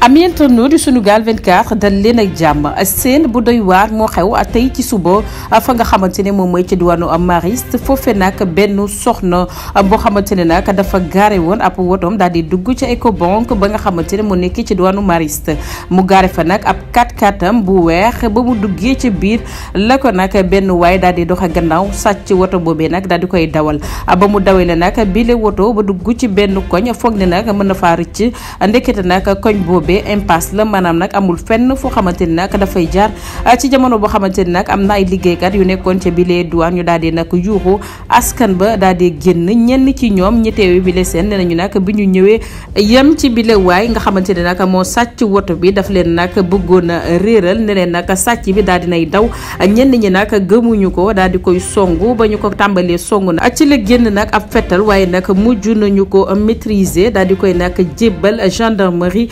am ami internaute di Sunugal 24 dal leen ak jàmm seen bu doy waar moo xew tey ci suba fa nga xamante ne moom mooy ci diwaanu Mariste foofe nag benn soxna boo xamante ne nag dafa gaare woon ab wotoom daal di dugg ci Ecobank ba nga xamante ne mu nekk ci diwaanu Mariste mu gaare fa nag ab 4 x 4 bu weex ba mu duggee ci biir la ko nag benn waay daal di dox a gannaaw sàcc woto boobee nag daal di koy dawal ba mu dawee nag bile woto ba dugg ci benn koñ foog ne nag mën na faa rëcc ndekete nag koñ boobu boobee impasse la maanaam nag amul fenn foo xamante ni nag dafay jaar ah, ci jamono boo xamante ni nag am na ay liggéeykat yu nekkoon ca bile douane ñu daal di nag yuuxu askan ba daal di génn ñenn ci ñoom ñettee teewe bile seen ne nañu nag bi ñu ñëwee yem ci bile waay nga xamante ne nag moo sàcc woto bi daf leen nag bëggoon a réeral ne leen nag sàcc bi daal dinay daw ñenn ñi nag gëmuñu ko daal di koy songu ba ñu ko tàmbalee songu na ci la génn nag a fetal waaye nag mujj nañu ko maîtriser daal di koy nag jébbal gendarmerie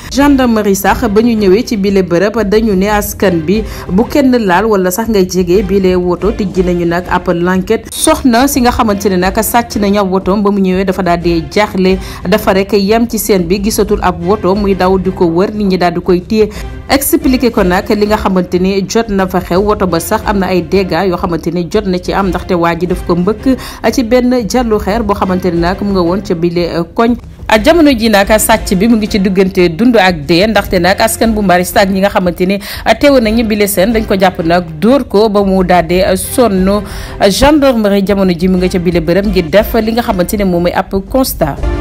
gendarmerie sax ba ñu ñëwee ci bile bërëb dañu ne askan bi bu kenn laal wala sax ngay jege bile woto tijji nañu nag ab l'enquête soxna si nga xamante ne nag sàcc nañu ab wotoom ba mu ñëwee dafa daal di jaaxle dafa rek yem ci seen bi gisatul ab woto muy daw di ko wër nit ñi daal di koy téye expliqué ko nag li nga xamante ni jot na fa xew woto ba sax am na ay dégâts yoo xamante ni jot na ci am ndaxte waa ji daf ko mbëkk ci benn jàllu xeer boo xamante ni nag mu nga woon ca bile koñ. ak ah, jamono ji nag sàcc bi mu ngi ci diggante dund ak dee ndaxte nag askan bu mbarista ak ñi nga xamante ni ah, teew nañu bile seen dañ ko jàpp nag dóor ko ba mu dee daadee ah, sonn gendarmerie jamono ji mu nga ca bile bërëm ngir def li nga xamante ne moom mooy ab constat